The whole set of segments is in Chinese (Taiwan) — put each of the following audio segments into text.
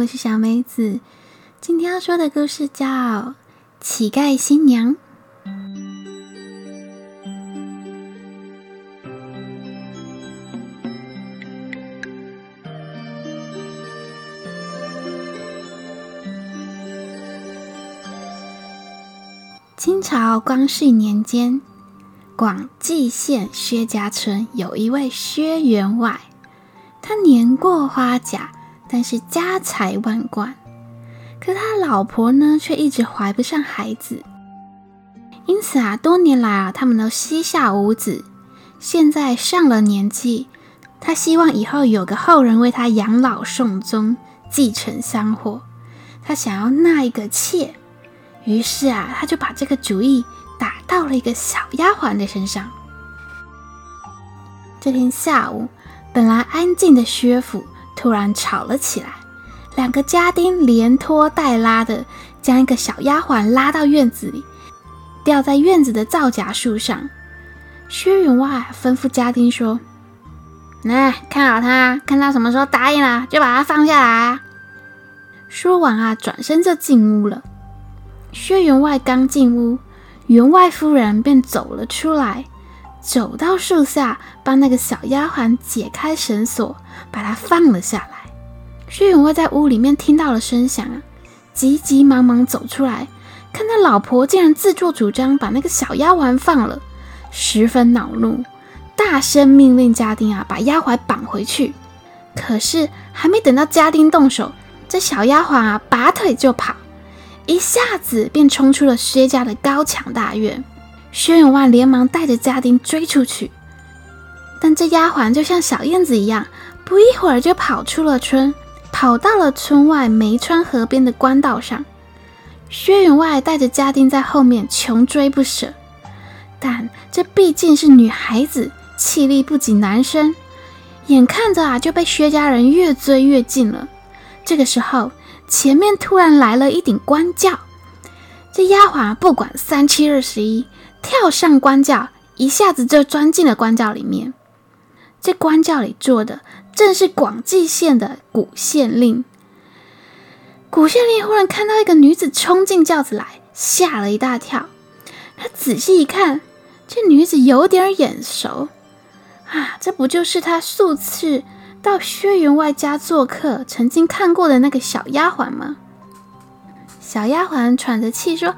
我是小梅子，今天要說的故事叫《乞丐新娘》。清朝光緒年間，廣濟縣薛家村有一位薛員外，他年過花甲。但是家財萬貫，可他老婆呢，卻一直懷不上孩子。因此啊，多年來啊，他們都膝下無子。現在上了年紀，他希望以後有個後人為他養老送終、繼承香火。他想要納一個妾，於是啊，他就把這個主意打到了一個小丫鬟的身上。這天下午，本來安靜的薛府。突然吵了起來，兩個家丁連拖帶拉的將一個小丫鬟拉到院子裡，吊在院子的皂莢樹上。薛員外吩咐家丁說：“來、嗯、看好他，看他什麼時候答應了，就把他放下來。”說完啊，轉身就進屋了。薛員外剛進屋，員外夫人便走了出來。走到樹下，幫那個小丫鬟解開繩索，把她放了下來。薛永威在屋裡面聽到了聲響，急急忙忙走出來，看到老婆竟然自作主張把那個小丫鬟放了，十分惱怒，大聲命令家丁啊把丫鬟綁回去。可是還沒等到家丁動手，這小丫鬟啊拔腿就跑，一下子便衝出了薛家的高牆大院。薛永萬連忙帶着家丁追出去，但這丫鬟就像小燕子一樣，不一會兒就跑出了村，跑到了村外梅川河邊的官道上。薛永外帶着家丁在後面窮追不捨，但這畢竟是女孩子，氣力不及男生，眼看着啊就被薛家人越追越近了。這個時候，前面突然來了一頂官轎，這丫鬟啊，不管三七二十一。跳上官轎，一下子就鑽進了官轎裡面。這官轎裡坐的正是廣濟縣的古縣令。古縣令忽然看到一個女子衝進轎子來，嚇了一大跳。他仔細一看，這女子有點眼熟。啊，這不就是他數次到薛員外家做客曾經看過的那個小丫鬟嗎？小丫鬟喘着氣說。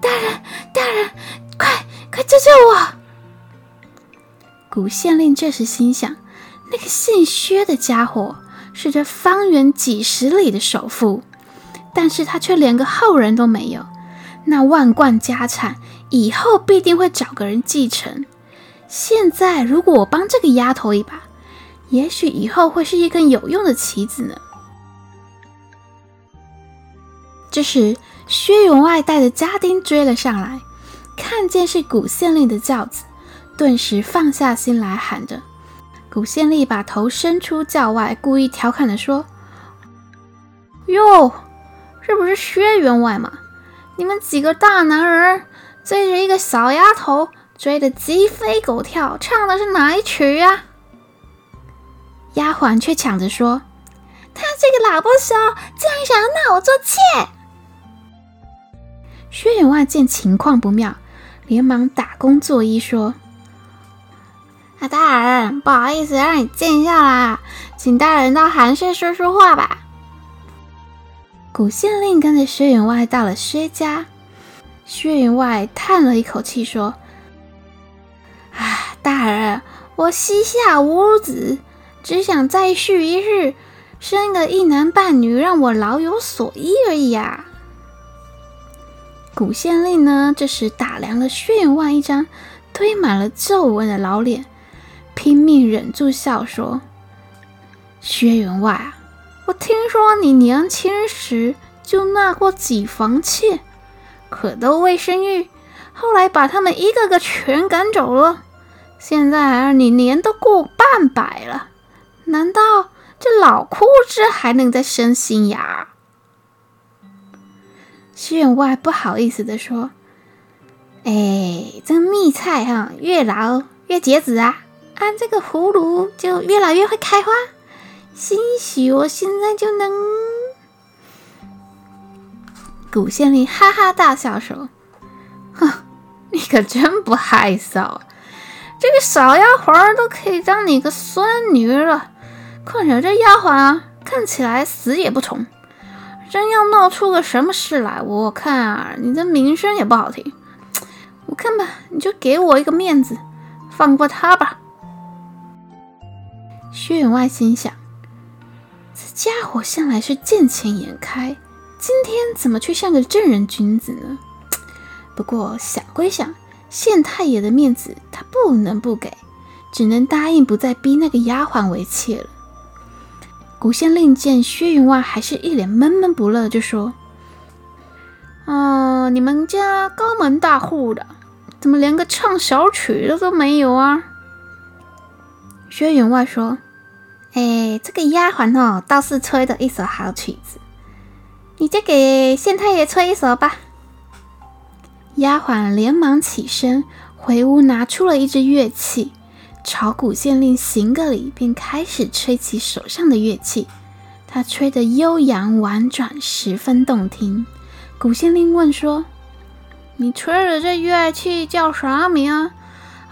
大人，大人，快快救救我！古縣令這時心想：那個姓薛的傢伙是這方圓幾十里的首富，但是他卻連個後人都沒有，那萬貫家產以後必定會找個人繼承。現在如果我幫這個丫頭一把，也許以後會是一根有用的棋子呢。這時。薛員外帶着家丁追了上來，看見是古縣令的轎子，頓時放下心來，喊着：“古縣令，把頭伸出轎外，故意調侃地說：‘喲，這不是薛員外嗎？你們幾個大男人追着一個小丫頭，追得雞飛狗跳，唱的是哪一曲呀？’”丫鬟卻搶着說：“他這個老不死，竟然想要納我做妾！”薛員外見情況不妙，連忙打躬作揖說：“啊，大人，不好意思讓你見笑啦，請大人到寒舍說說話吧。”古縣令跟着薛員外到了薛家，薛員外嘆了一口氣說：“啊，大人，我膝下無子，只想再續一日，生個一男半女，讓我老有所依而已呀、啊。”古縣令呢？這時打量了薛員外一張堆滿了皺紋的老臉，拼命忍住笑說：“薛員外，我聽說你年輕時就納過幾房妾，可都未生育，後來把他們一個個全趕走了。現在啊，你年都過半百了，難道這老枯枝還能再生新芽？”縣外不好意思地說：“哎，這蜜菜哈、啊，越老越結實啊，按這個葫蘆就越老越會開花，興許我現在就能。”古縣令哈哈大笑說：“哼，你可真不害臊啊！這個小丫鬟，都可以當你個孫女了，況且這丫鬟、啊、看起來死也不從。”真要鬧出個什麼事來，我看啊，你的名聲也不好聽。我看吧，你就給我一個面子，放過他吧。薛員外心想：這家伙向來是見錢眼開，今天怎麼卻像個正人君子呢？不過想歸想，縣太爺的面子他不能不給，只能答應不再逼那個丫鬟為妾了。古縣令見薛員外還是一臉悶悶不樂，就說：“哦，你們家高門大戶的，怎麼連個唱小曲的都沒有啊？”薛員外說：“哎，這個丫鬟哦，倒是吹的一首好曲子，你就給縣太爺吹一首吧。”丫鬟連忙起身回屋，拿出了一支樂器。朝古縣令行個禮，便開始吹起手上的樂器。他吹得悠揚婉轉，十分動聽。古縣令問說：“你吹的這樂器叫啥名？”“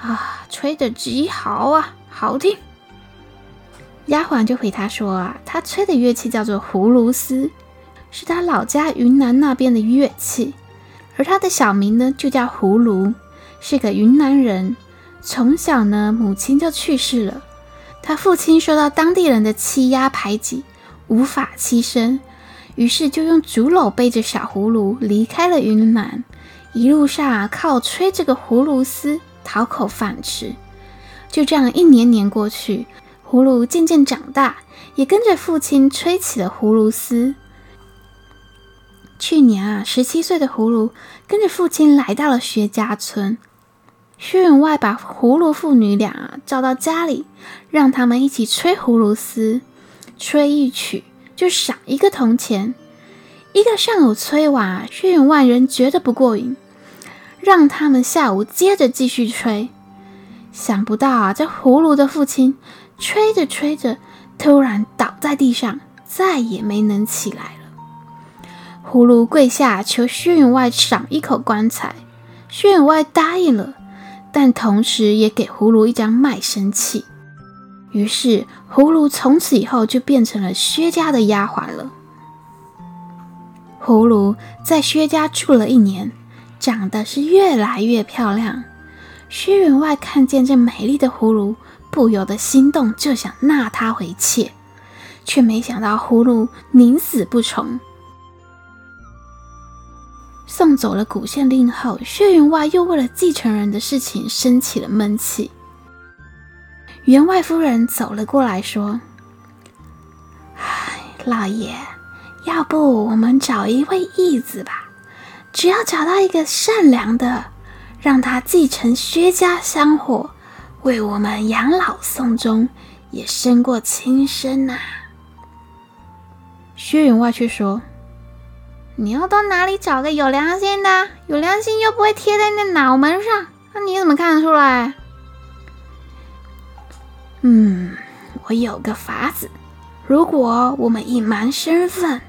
啊，吹得極好啊，好聽。”丫鬟就回他說：“啊，他吹的樂器叫做葫蘆絲，是他老家雲南那邊的樂器。而他的小名呢，就叫葫蘆，是個雲南人。”從小呢，母親就去世了，她父親受到當地人的欺壓排擠，無法棲身，於是就用竹簍背着小葫蘆離開了雲南，一路上靠吹這個葫蘆絲討口飯吃。就這樣一年年過去，葫蘆漸、漸漸長大，也跟着父親吹起了葫蘆絲。去年啊，十七歲的葫蘆跟着父親來到了薛家村。薛員外把葫蘆父女倆啊叫到家裡，讓他們一起吹葫蘆絲，吹一曲就賞一個銅錢。一個上午吹完，薛員外人覺得不過癮，讓他們下午接着繼續吹。想不到啊，這葫蘆的父親吹着吹着，突然倒在地上，再也沒能起來了。葫蘆跪下求薛員外賞一口棺材，薛員外答應了。但同時也給葫蘆一張賣身契，於是葫蘆從此以後就變成了薛家的丫鬟了。葫蘆在薛家住了一年，長得是越來越漂亮。薛員外看見這美麗的葫蘆，不由得心動，就想納她為妾，卻沒想到葫蘆寧死不從。送走了古縣令後，薛員外又為了繼承人的事情生起了悶氣。員外夫人走了過來說：“哎，老爺，要不我們找一位義子吧？只要找到一個善良的，讓他繼承薛家香火，為我們養老送終，也勝過親生吶、啊。”薛員外卻說。你要到哪裡找個有良心的？有良心又不會貼在你的腦門上，那你怎麼看得出來？嗯，我有個法子，如果我們隱瞞身份，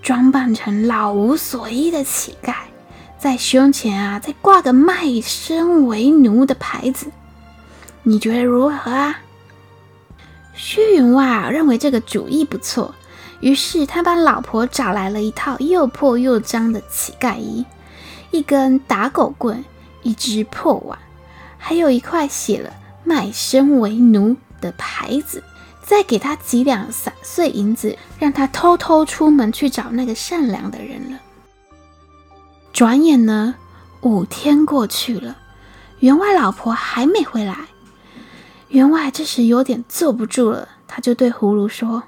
裝扮成老無所依的乞丐，在胸前啊，再掛個賣身為奴的牌子，你覺得如何啊？虛雲外認為這個主意不錯。於是他幫老婆找來了一套又破又髒的乞丐衣，一根打狗棍，一只破碗，還有一塊寫了“賣身為奴”的牌子，再給他幾兩散碎銀子，讓他偷偷出門去找那個善良的人了。轉眼呢，五天過去了，員外老婆還沒回來，員外這時有點坐不住了，他就對葫蘆說。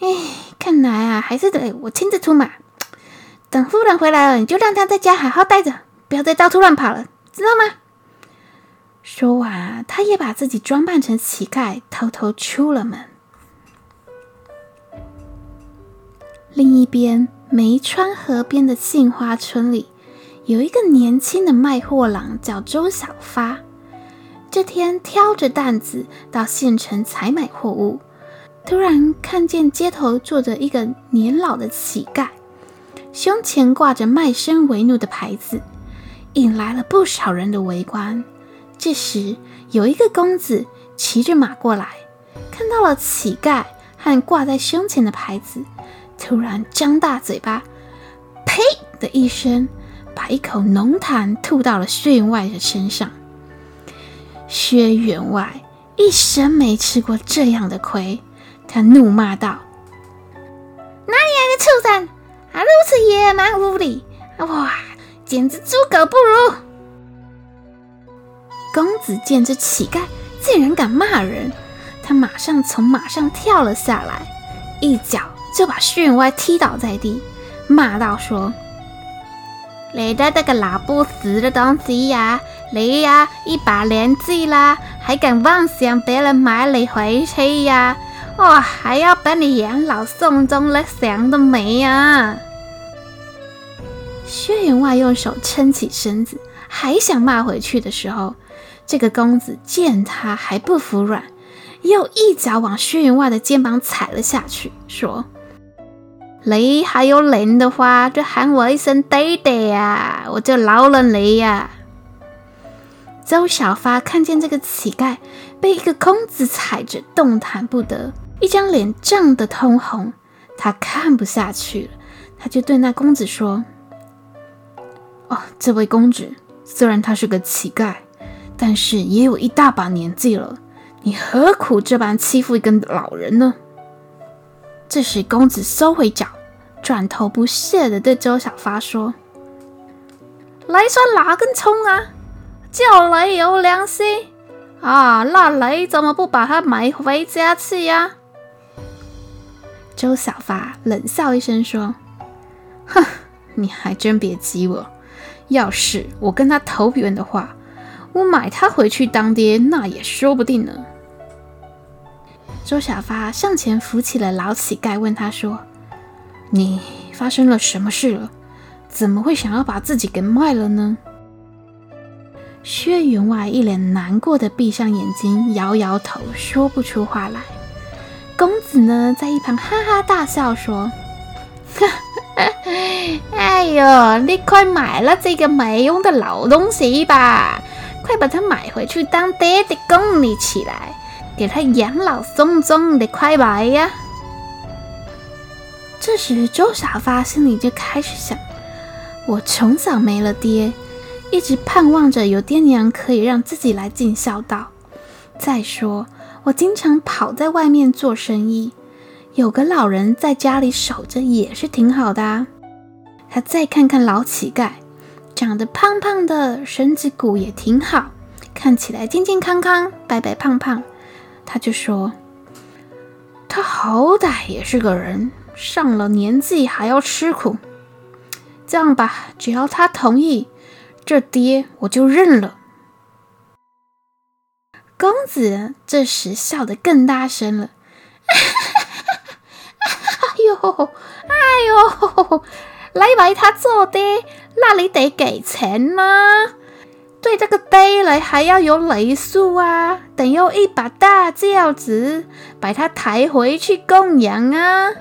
哎，看來啊，還是得我親自出馬。等夫人回來了，你就讓她在家好好待着，不要再到處亂跑了，知道嗎？說完啊，他也把自己裝扮成乞丐，偷偷出了門。另一邊，梅川河邊的杏花村裡，有一個年輕的賣貨郎叫周小發。這天，挑着擔子到縣城採買貨物。突然看見街頭坐着一個年老的乞丐，胸前掛着賣身為奴的牌子，引來了不少人的圍觀。這時有一個公子騎着馬過來，看到了乞丐和掛在胸前的牌子，突然張大嘴巴，呸的一聲，把一口濃痰吐到了薛員外的身上。薛員外一生沒吃過這樣的虧。他怒罵道：“哪裡來、啊、的畜生啊！如此野蠻無理，哇，簡直豬狗不如！”公子見這乞丐竟然敢罵人，他馬上從馬上跳了下來，一腳就把薛員外踢倒在地，罵道：“說，你帶那個老不死的東西呀，你呀，一把年紀啦，還敢妄想別人買你回去呀！”我還要把你養老送終了，想得美啊！薛員外用手撐起身子，還想罵回去的時候，這個公子見他還不服軟，又一腳往薛員外的肩膀踩了下去，說：“你還有臉的話，就喊我一聲爹爹啊，我就饒了你呀、啊！”周小發看見這個乞丐被一個公子踩着，動彈不得。一張臉漲得通紅，他看不下去了，他就對那公子說：“哦，這位公子，雖然他是個乞丐，但是也有一大把年紀了，你何苦這般欺負一個老人呢？”這時，公子收回腳，轉頭不屑地對周小發說：“雷算哪根蔥啊？叫雷有良心啊？那雷怎麼不把他埋回家去呀？啊？”周小發冷笑一聲說：“哼，你還真別急我。要是我跟他投緣的話，我買他回去當爹那也說不定呢。”周小發向前扶起了老乞丐，問他說：“你發生了什麼事了？怎麼會想要把自己給賣了呢？”薛員外一臉難過的閉上眼睛，搖搖頭，說不出話來。公子呢，在一旁哈哈大笑說：“ 哎呦，你快買了這個沒用的老東西吧！快把它買回去當爹的供你起來，給他養老送終的，快來呀！”這時，周小發心裡就開始想：“我從小沒了爹，一直盼望着有爹娘可以讓自己來盡孝道。再說……”我經常跑在外面做生意，有個老人在家裡守着也是挺好的啊。他再看看老乞丐，長得胖胖的，身子骨也挺好，看起來健健康康、白白胖胖。他就說：“他好歹也是個人，上了年紀還要吃苦。這樣吧，只要他同意，這爹我就認了。”公子這時笑得更大聲了， 哎呦，哎呦，來把他做爹，那你得給錢啊！對這個爹來還要有禮數啊，得用一把大轎子把他抬回去供養啊！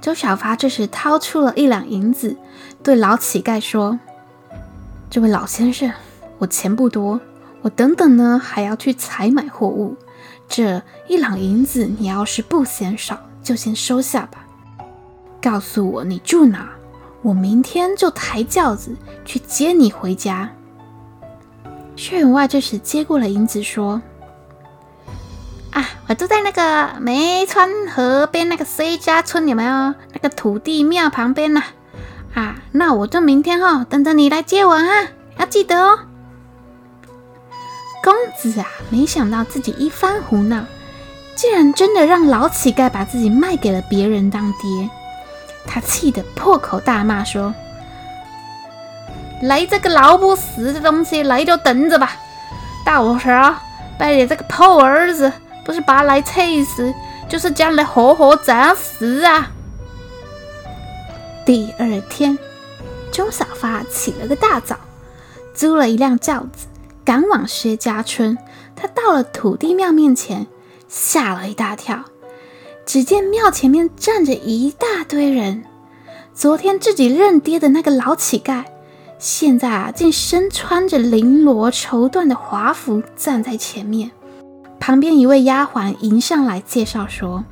周小發這時掏出了一兩銀子，對老乞丐說：“這位老先生，我錢不多。”我等等呢，還要去採買貨物。這一兩銀子，你要是不嫌少，就先收下吧。告訴我你住哪，我明天就抬轎子去接你回家。薛員外這時接過了銀子，說：“啊，我住在那個梅川河邊那個崔家村裡面哦，那個土地廟旁邊呢，啊。啊，那我就明天哦，等着你來接我啊，要記得哦。”公子啊，沒想到自己一番胡鬧，竟然真的讓老乞丐把自己賣給了別人當爹。他氣得破口大罵說：“來這個老不死的東西，來就等着吧！到時候把你這個破兒子，不是把他來氣死，就是將來活活砸死啊！”第二天，周小發起了個大早，租了一輛轎子。趕往薛家村，他到了土地廟面前，嚇了一大跳。只見廟前面站着一大堆人，昨天自己認爹的那個老乞丐，現在啊，竟身穿着綾羅綢緞的華服站在前面。旁邊一位丫鬟迎上來介紹說：“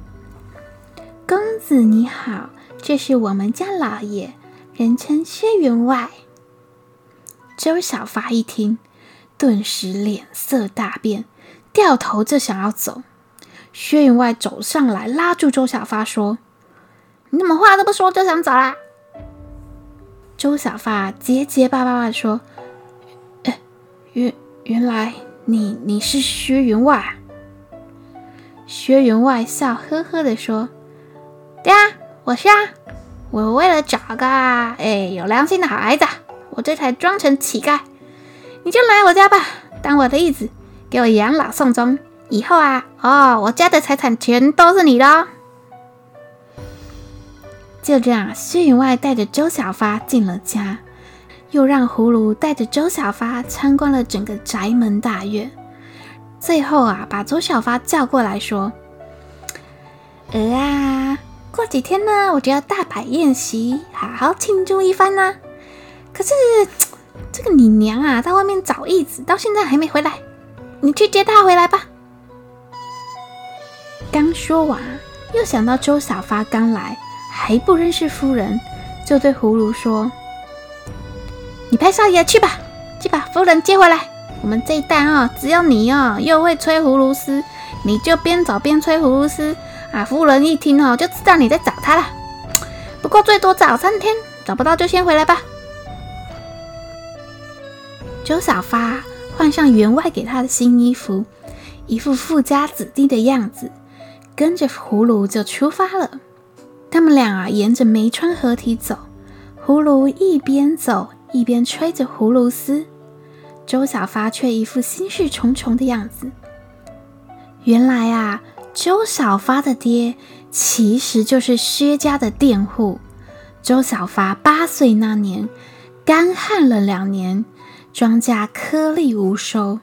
公子你好，這是我們家老爺，人稱薛員外。”周小發一聽。頓時臉色大變，掉頭就想要走。薛員外走上來拉住周小發說：“你怎麼話都不說就想走啦？”周小發結結巴巴的說：“呃、原原來你你是薛員外啊。”薛員外笑呵呵的說：“對啊，我是啊，我為了找個哎有良心的孩子，我這才裝成乞丐。”你就來我家吧，當我的義子，給我養老送終。以後啊，哦，我家的財產全都是你的。就這樣，薛員外帶着周小發進了家，又讓葫蘆帶着周小發參觀了整個宅門大院。最後啊，把周小發叫過來說：“呃、啊，過幾天呢，我就要大擺宴席，好好慶祝一番啦，啊。”可是。這個你娘啊，在外面找一子，到現在還沒回來，你去接她回來吧。剛說完，又想到周小發剛來，還不認識夫人，就對葫蘆說：“你派少爺去吧，去把夫人接回來。我們這一代啊、哦，只有你哦，又會吹葫蘆絲，你就邊找邊吹葫蘆絲啊。夫人一聽哦，就知道你在找她了。不過最多找三天，找不到就先回來吧。”周小發換上員外給他的新衣服，一副富家子弟的樣子，跟着葫蘆就出發了。他們倆啊，沿着梅川河堤走，葫蘆一邊走一邊吹着葫蘆絲，周小發卻一副心事重重的樣子。原來啊，周小發的爹其實就是薛家的佃戶。周小發八歲那年，乾旱了兩年。莊稼顆粒無收，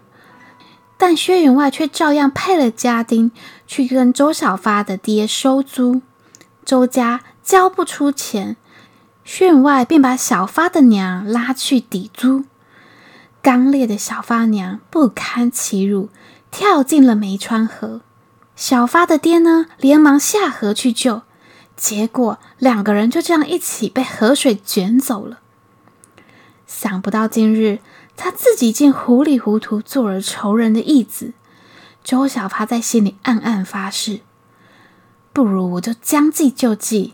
但薛員外卻照樣派了家丁去跟周小發的爹收租。周家交不出錢，薛員外便把小發的娘拉去抵租。剛烈的小發娘不堪其辱，跳進了梅川河。小發的爹呢，連忙下河去救，結果兩個人就這樣一起被河水捲走了。想不到今日，他自己竟糊裡糊塗做了仇人的義子，周小發在心裡暗暗發誓：不如我就將計就計，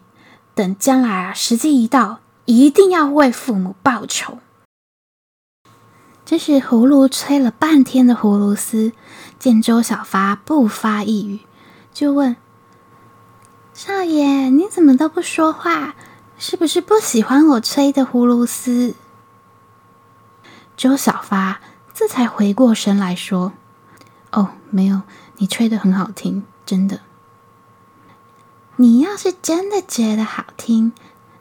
等將來啊，時機一到，一定要為父母報仇。這時，葫蘆吹了半天的葫蘆絲，見周小發不發一語，就問：“少爺，你怎麼都不說話？是不是不喜歡我吹的葫蘆絲？”周小發這才回過神來說：“哦，沒有，你吹的很好聽，真的。你要是真的覺得好聽，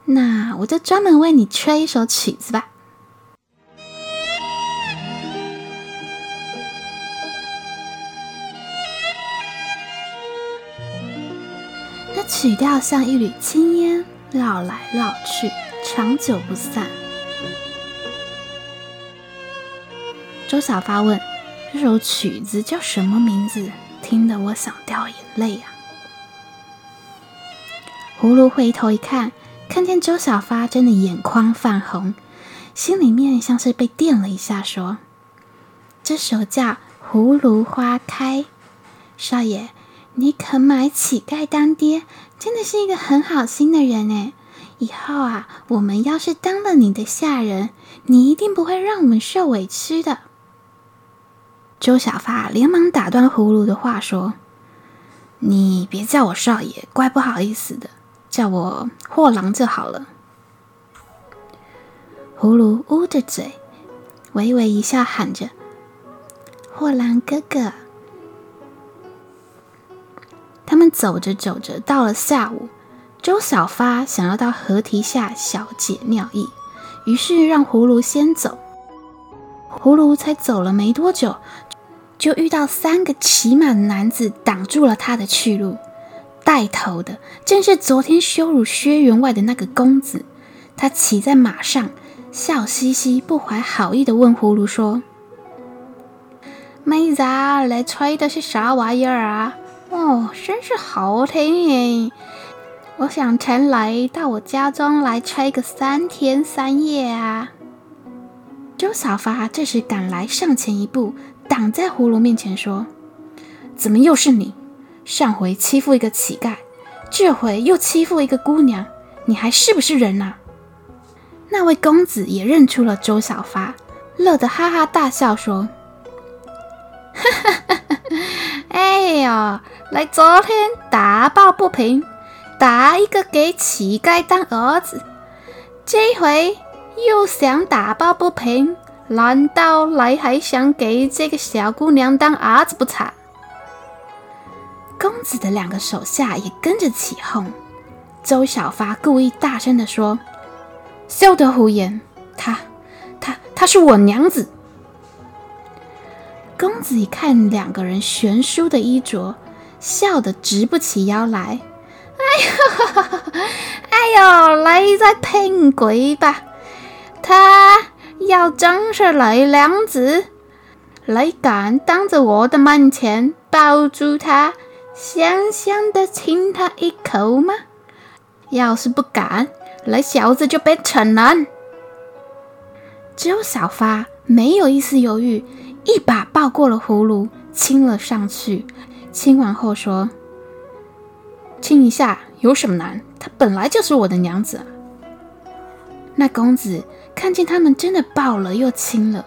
那我就專門為你吹一首曲子吧。 那曲調像一縷青煙，繞來繞去，長久不散。”周小發問：“這首曲子叫什麼名字？”聽得我想掉眼淚啊！葫蘆回頭一看，看見周小發真的眼眶泛紅，心裡面像是被電了一下，說：“這首叫《葫蘆花開》。少爺，你肯買乞丐當爹，真的是一個很好心的人哎！以後啊，我們要是當了你的下人，你一定不會讓我們受委屈的。”周小發連忙打斷葫蘆的話，說：“你別叫我少爺，怪不好意思的，叫我貨郎就好了。”葫蘆捂着嘴，微微一笑，喊着：“貨郎哥哥。”他們走着走着，到了下午，周小發想要到河堤下小解尿意，於是讓葫蘆先走。葫蘆才走了沒多久，就遇到三個騎馬的男子擋住了他的去路。帶頭的正是昨天羞辱薛員外的那個公子。他騎在馬上，笑嘻嘻、不懷好意地問葫蘆說：“妹子，來吹的是啥玩意兒啊？哦，真是好聽耶！我想常來到我家中來吹個三天三夜啊。”周小發這時趕來，上前一步，擋在葫蘆面前，說：“怎麼又是你？上回欺負一個乞丐，這回又欺負一個姑娘，你還是不是人啊？”那位公子也認出了周小發，樂得哈哈大笑，說：“哈哈，哎呦，來，昨天打抱不平，打一個給乞丐當兒子，這回……”又想打抱不平？難道來還想給這個小姑娘當兒子不成？公子的兩個手下也跟着起哄。周小發故意大聲的說：“休得胡言！她、她、她是我娘子！”公子一看兩個人懸殊的衣着，笑得直不起腰來。哎呦，哎呦，來在騙鬼吧！他要真是你娘子，你敢當着我的面前抱住他，香香的親他一口嗎？要是不敢，你小子就別逞能。只有小發沒有一絲猶豫，一把抱過了葫蘆，親了上去。親完後說：“親一下有什麼難？他本來就是我的娘子啊。”那公子。看見他們真的抱了又親了，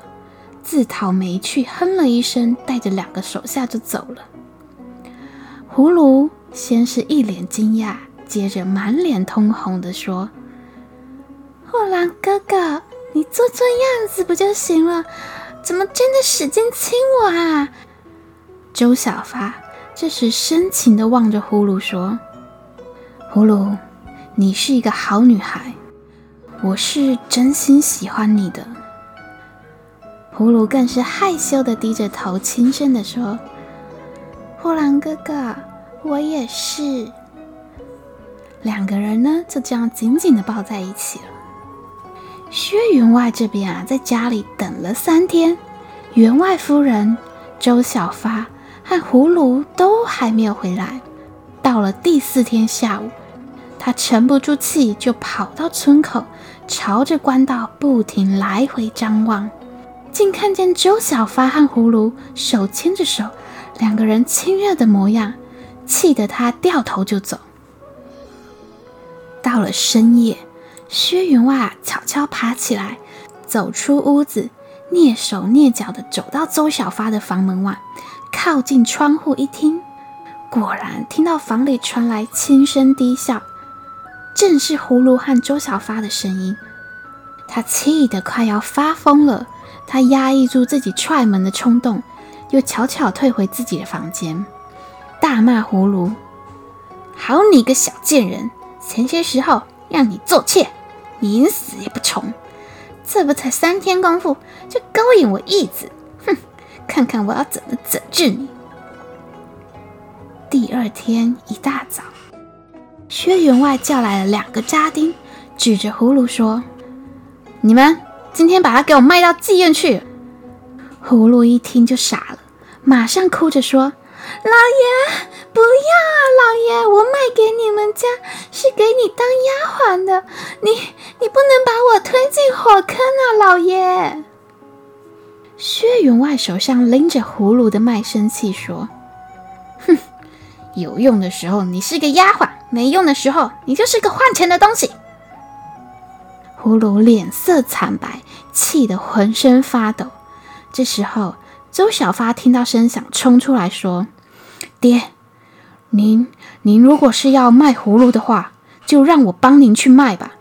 自討沒趣，哼了一聲，帶着兩個手下就走了。葫蘆先是一臉驚訝，接着滿臉通紅的說：“貨郎哥哥，你做做樣子不就行了？怎麼真的使勁親我啊？”周小發這時深情的望着葫蘆說：“葫蘆，你是一個好女孩。”我是真心喜歡你的。葫蘆更是害羞的低着頭，輕聲的說：“破蘭哥哥，我也是。”兩個人呢就這樣緊緊的抱在一起了。薛員外這邊啊，在家裡等了三天，員外夫人周小發和葫蘆都還沒有回來。到了第四天下午，他沉不住氣，就跑到村口。朝着官道不停來回張望，竟看見周小發和葫蘆手牽着手，兩個人親熱的模樣，氣得他掉頭就走。到了深夜，薛員外悄悄爬起來，走出屋子，躡手躡腳的走到周小發的房門外，靠近窗戶一聽，果然聽到房裡傳來輕聲低笑。正是葫蘆和周小發的聲音，他氣得快要發瘋了。他壓抑住自己踹門的衝動，又悄悄退回自己的房間，大罵葫蘆：“好你個小賤人！前些時候讓你做妾，你寧死也不從。這不才三天功夫，就勾引我義子？哼，看看我要怎麼整治你！”第二天一大早。薛員外叫來了兩個家丁，指着葫蘆說：“你們今天把它給我賣到妓院去。”葫蘆一聽就傻了，馬上哭着說：“老爺，不要啊，老爺，我賣給你們家是給你當丫鬟的，你你不能把我推進火坑啊，老爺！”薛員外手上拎着葫蘆的賣身契說。有用的時候你是個丫鬟，沒用的時候你就是個換錢的東西。葫蘆臉色慘白，氣得渾身發抖。這時候，周小發聽到聲響，衝出來說：“爹，您您如果是要賣葫蘆的話，就讓我幫您去賣吧。”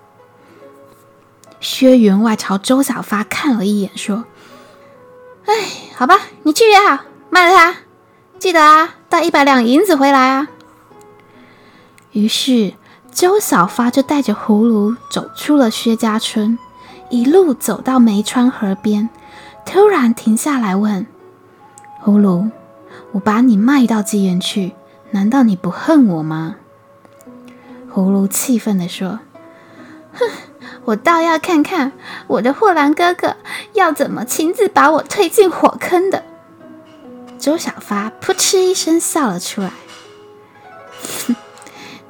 薛員外朝周小發看了一眼，說：“唉，好吧，你去也好，賣了它，記得啊。”帶一百兩銀子回來啊！於是周小發就帶着葫蘆走出了薛家村，一路走到梅川河邊，突然停下來問：“葫蘆，我把你賣到妓院去，難道你不恨我嗎？”葫蘆氣憤地說：“哼，我倒要看看我的貨郎哥哥要怎麼親自把我推進火坑的。”周小發撲哧一聲笑了出來，呵呵：“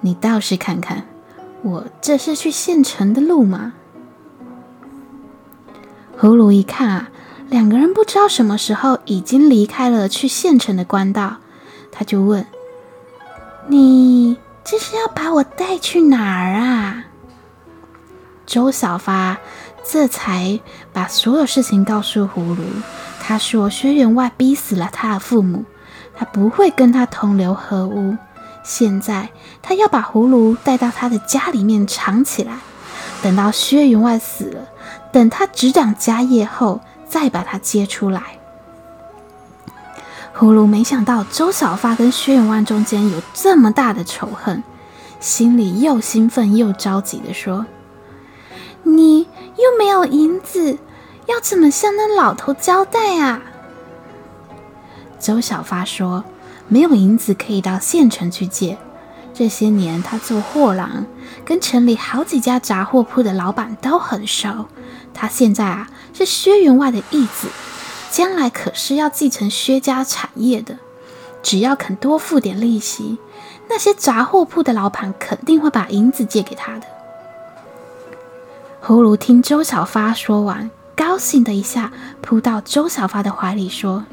你倒是看看，我這是去縣城的路嗎？”葫蘆一看啊，兩個人不知道什麼時候已經離開了去縣城的官道，他就問：“你這是要把我帶去哪兒啊？”周小發這才把所有事情告訴葫蘆。他說：“薛員外逼死了他的父母，他不會跟他同流合污。現在他要把葫蘆帶到他的家裡面藏起來，等到薛員外死了，等他執掌家業後再把他接出來。”葫蘆沒想到周小發跟薛員外中間有這麼大的仇恨，心裡又興奮又着急的說：“你又沒有銀子。”要怎麼向那老頭交代啊？周小發說：“沒有銀子，可以到縣城去借。這些年他做貨郎，跟城裡好幾家雜貨鋪的老板都很熟。他現在啊是薛員外的義子，將來可是要繼承薛家產業的。只要肯多付點利息，那些雜貨鋪的老板肯定會把銀子借給他的。”葫蘆聽周小發說完。高興的一下撲到周小發的懷裡說：“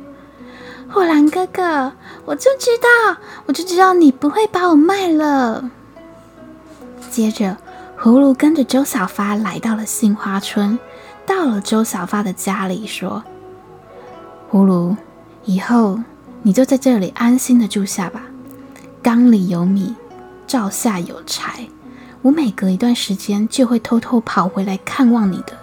霍蘭哥哥，我就知道，我就知道你不會把我賣了。”接着，葫蘆跟着周小發來到了杏花村，到了周小發的家裡說：“葫蘆，以後你就在這裡安心的住下吧，缸裡有米，灶下有柴，我每隔一段時間就會偷偷跑回來看望你的。”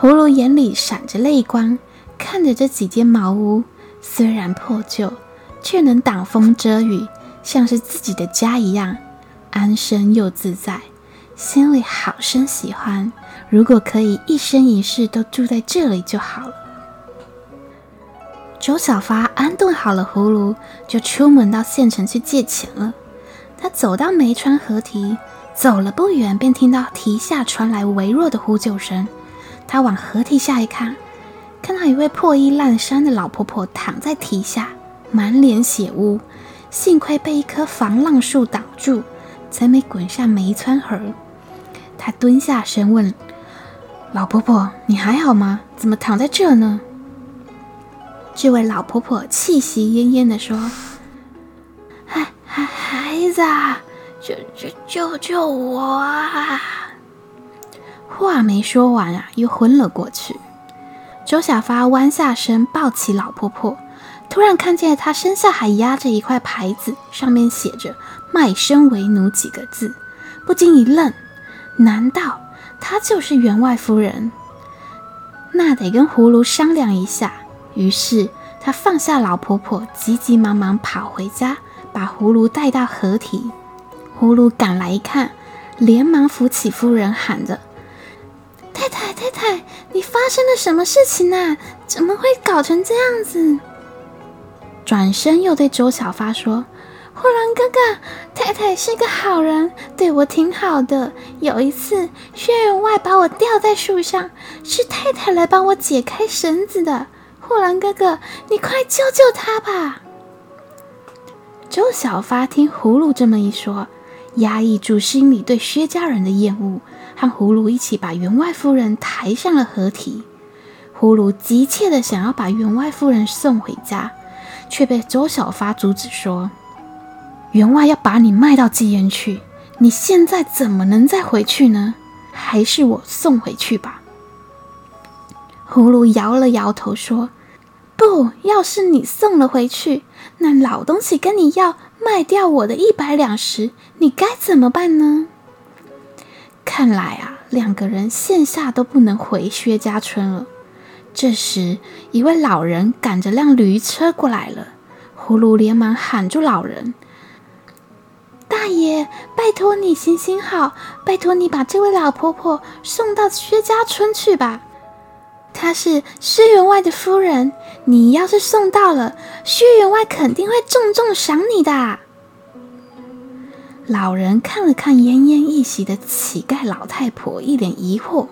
葫蘆眼裡閃着淚光，看着這幾間茅屋，雖然破舊，卻能擋風遮雨，像是自己的家一樣，安生又自在，心裡好生喜歡。如果可以一生一世都住在這裡就好了。周小發安頓好了葫蘆，就出門到縣城去借錢了。他走到梅川河堤，走了不遠，便聽到堤下傳來微弱的呼救聲。他往河堤下一看，看到一位破衣爛衫的老婆婆躺在堤下，滿臉血污，幸虧被一棵防浪樹擋住，才沒滾下梅川河。他蹲下身問老婆婆：“你還好嗎？怎麼躺在這呢？”這位老婆婆氣息奄奄地說：“孩、啊、孩、啊、孩子啊，救救救救我啊！”話沒說完啊，又昏了過去。周小發彎下身抱起老婆婆，突然看見她身下還壓着一塊牌子，上面寫着“賣身為奴”幾個字，不禁一愣：難道她就是員外夫人？那得跟葫蘆商量一下。於是他放下老婆婆，急急忙忙跑回家，把葫蘆帶到河堤。葫蘆趕來一看，連忙扶起夫人，喊着。太太，太太，你發生了什麼事情啊？怎麼會搞成這樣子？轉身又對周小發說：“貨郎哥哥，太太是個好人，對我挺好的。有一次，薛員外把我吊在樹上，是太太來幫我解開繩子的。貨郎哥哥，你快救救他吧！”周小發聽葫蘆這麼一說，壓抑住心裡對薛家人的厭惡，和葫蘆一起把員外夫人抬上了河堤。葫蘆急切地想要把員外夫人送回家，卻被周小發阻止說：“員外要把你賣到妓院去，你現在怎麼能再回去呢？還是我送回去吧。”葫蘆搖了搖頭說：“不，要是你送了回去，那老東西跟你要。”賣掉我的一百兩十，你該怎麼辦呢？看來啊，兩個人現下都不能回薛家村了。這時，一位老人趕着輛驢車過來了，葫蘆連忙喊住老人：“大爺，拜托你行行好，拜托你把這位老婆婆送到薛家村去吧。”她是薛員外的夫人，你要是送到了，薛員外肯定會重重賞你的。老人看了看奄奄一息的乞丐老太婆，一臉疑惑，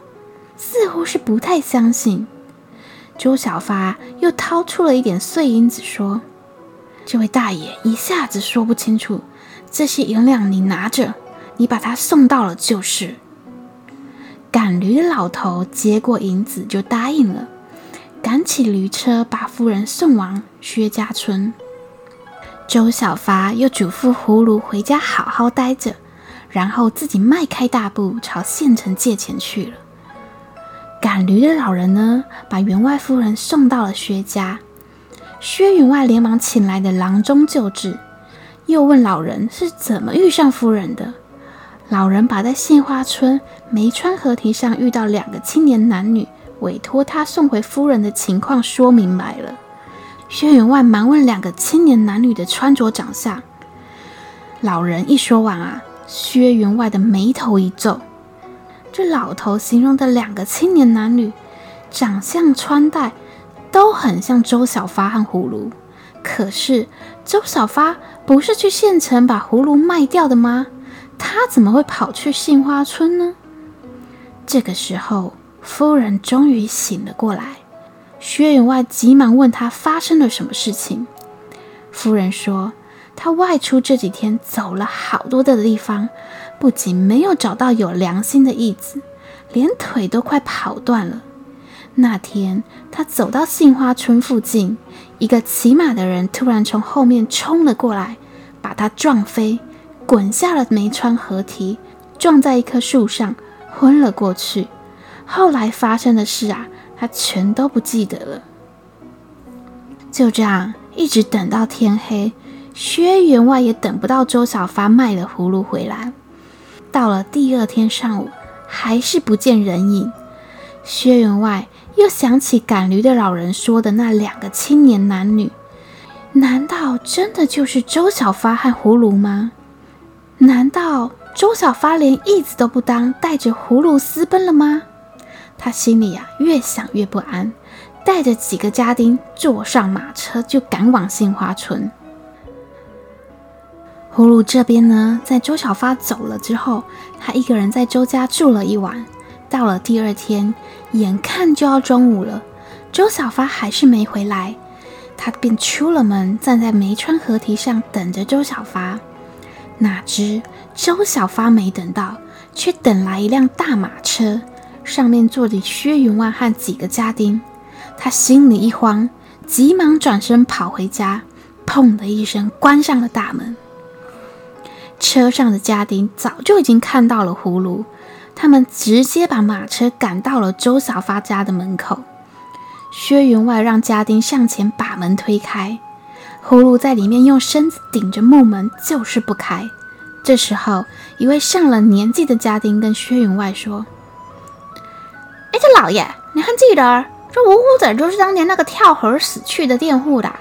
似乎是不太相信。周小發又掏出了一點碎銀子，說：“這位大爺，一下子說不清楚，這些銀兩你拿着，你把它送到了就是。”趕驢的老頭接過銀子就答應了，趕起驢車把夫人送往薛家村。周小發又囑咐葫蘆回家好好待着，然後自己邁開大步朝縣城借錢去了。趕驢的老人呢，把員外夫人送到了薛家。薛員外連忙請來的郎中救治，又問老人是怎麼遇上夫人的。老人把在杏花村梅川河堤上遇到兩個青年男女，委托他送回夫人的情況說明白了。薛員外忙問兩個青年男女的穿着、長相。老人一說完啊，薛員外的眉頭一皺。這老頭形容的兩個青年男女，長相、穿戴都很像周小發和葫蘆。可是周小發不是去縣城把葫蘆賣掉的嗎？他怎麼會跑去杏花村呢？這個時候，夫人終於醒了過來。薛員外急忙問他發生了什麼事情。夫人說：“他外出這幾天走了好多的地方，不僅沒有找到有良心的義子，連腿都快跑斷了。那天他走到杏花村附近，一個騎馬的人突然從後面衝了過來，把他撞飛，滾下了梅川河堤，撞在一棵樹上。”昏了過去，後來發生的事啊，他全都不記得了。就這樣，一直等到天黑，薛員外也等不到周小發賣了葫蘆回來。到了第二天上午，還是不見人影。薛員外又想起趕驢的老人說的那兩個青年男女，難道真的就是周小發和葫蘆嗎？難道？周小發連義子都不當，帶着葫蘆私奔了嗎？他心裡呀、啊、越想越不安，帶着幾個家丁坐上馬車就趕往杏花村。葫蘆這邊呢，在周小發走了之後，他一個人在周家住了一晚。到了第二天，眼看就要中午了，周小發還是沒回來，他便出了門，站在梅川河堤上等着周小發。哪知周小發沒等到，卻等來一輛大馬車，上面坐着薛員外和幾個家丁。他心裡一慌，急忙轉身跑回家，砰的一聲關上了大門。車上的家丁早就已經看到了葫蘆，他們直接把馬車趕到了周小發家的門口。薛員外讓家丁上前把門推開。葫蘆在裡面用身子頂着木門，就是不開。這時候，一位上了年紀的家丁跟薛員外說：“哎，這老爺，你還記得這葫蘆仔就是當年那個跳河死去的佃戶的？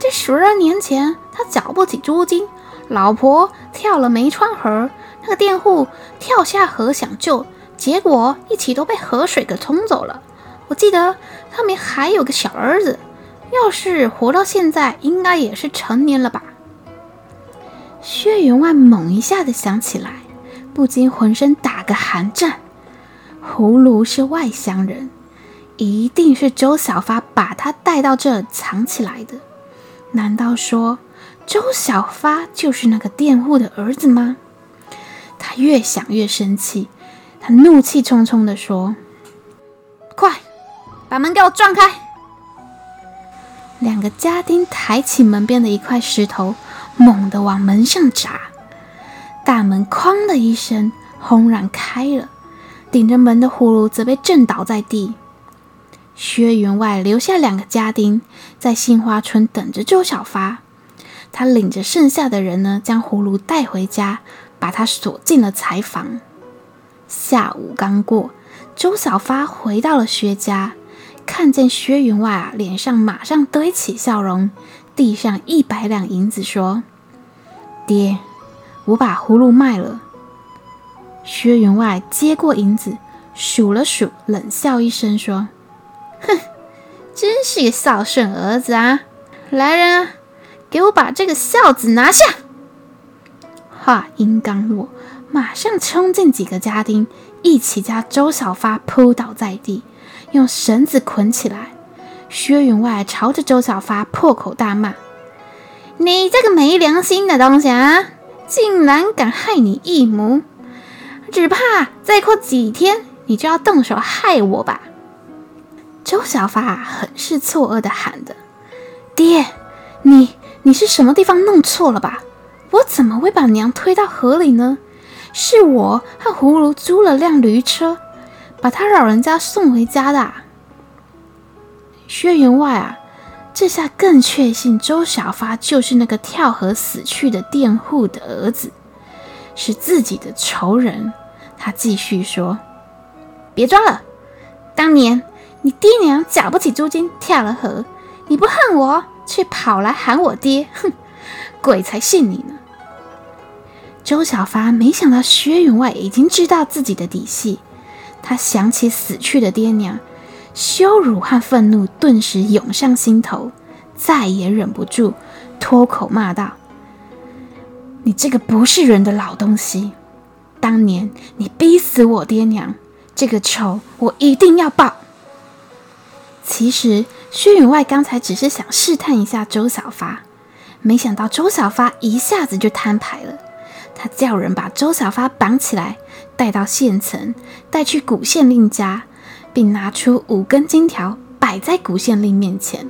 這十二年前，他繳不起租金，老婆跳了梅川河，那個佃戶跳下河想救，結果一起都被河水給沖走了。我記得上面還有個小兒子。”要是活到現在，應該也是成年了吧？薛員外猛一下子想起來，不禁渾身打個寒顫。葫蘆是外鄉人，一定是周小發把他帶到這兒藏起來的。難道說周小發就是那個佃戶的兒子嗎？他越想越生氣，他怒氣冲沖地說：“快，把門給我撞開！”兩個家丁抬起門邊的一塊石頭，猛地往門上砸，大門“哐”的一聲轟然開了。頂着門的葫蘆則被震倒在地。薛員外留下兩個家丁在杏花村等着周小發，他領着剩下的人呢，將葫蘆帶回家，把他鎖進了柴房。下午剛過，周小發回到了薛家。看見薛員外啊，臉上馬上堆起笑容，遞上一百兩銀子，說：“爹，我把葫蘆賣了。”薛員外接過銀子，數了數，冷笑一聲，說：“哼，真是個孝順兒子啊！來人啊，給我把這個孝子拿下！”話音剛落，馬上衝進幾個家丁，一起將周小發撲倒在地。用繩子捆起來，薛員外朝着周小發破口大罵：“你這個沒良心的東西啊，竟然敢害你義母！只怕再過幾天，你就要動手害我吧？”周小發很是錯愕地喊着：“爹，你你是什麼地方弄錯了吧？我怎麼會把娘推到河裡呢？是我和葫蘆租了輛驢車。”把他老人家送回家的。啊、薛員外啊，這下更確信周小發就是那個跳河死去的佃戶的兒子，是自己的仇人。他繼續說：“別裝了，當年你爹娘交不起租金跳了河，你不恨我，卻跑來喊我爹。哼，鬼才信你呢！”周小發沒想到薛員外已經知道自己的底細。他想起死去的爹娘，羞辱和憤怒頓時湧上心頭，再也忍不住，脫口罵道：“你這個不是人的老東西！當年你逼死我爹娘，這個仇我一定要報！”其實薛員外剛才只是想試探一下周小發，沒想到周小發一下子就攤牌了。他叫人把周小發綁起來。帶到縣城，帶去古縣令家，並拿出五根金條擺在古縣令面前。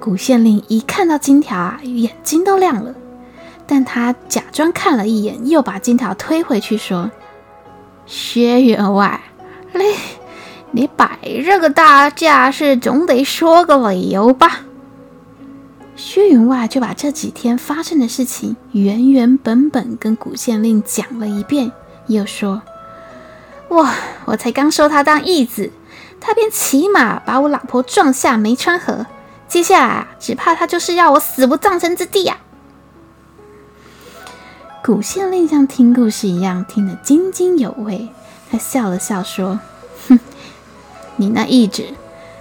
古縣令一看到金條啊，眼睛都亮了。但他假裝看了一眼，又把金條推回去，說：“薛員外，你你擺這個大架勢，總得說個理由吧？”薛員外就把這幾天發生的事情原原本本跟古縣令講了一遍。又說：“哇！我才剛收他當義子，他便騎馬把我老婆撞下梅川河。接下來只怕他就是要我死無葬身之地呀、啊！”古縣令像聽故事一樣聽得津津有味，他笑了笑說：“哼，你那義子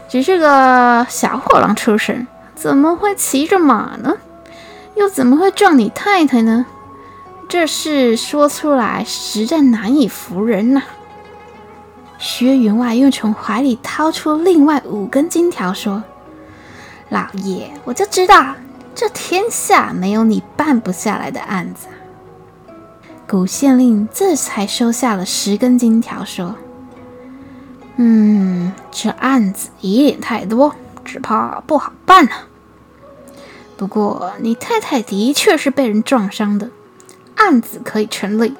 只是個小貨郎出身，怎麼會騎着馬呢？又怎麼會撞你太太呢？”這事說出來實在難以服人吶。薛員外又從懷裡掏出另外五根金條，說：“老爺，我就知道這天下沒有你辦不下來的案子。”古縣令這才收下了十根金條，說：“嗯，這案子疑點太多，只怕不好辦吶。不過你太太的確是被人撞傷的。”案子可以成立，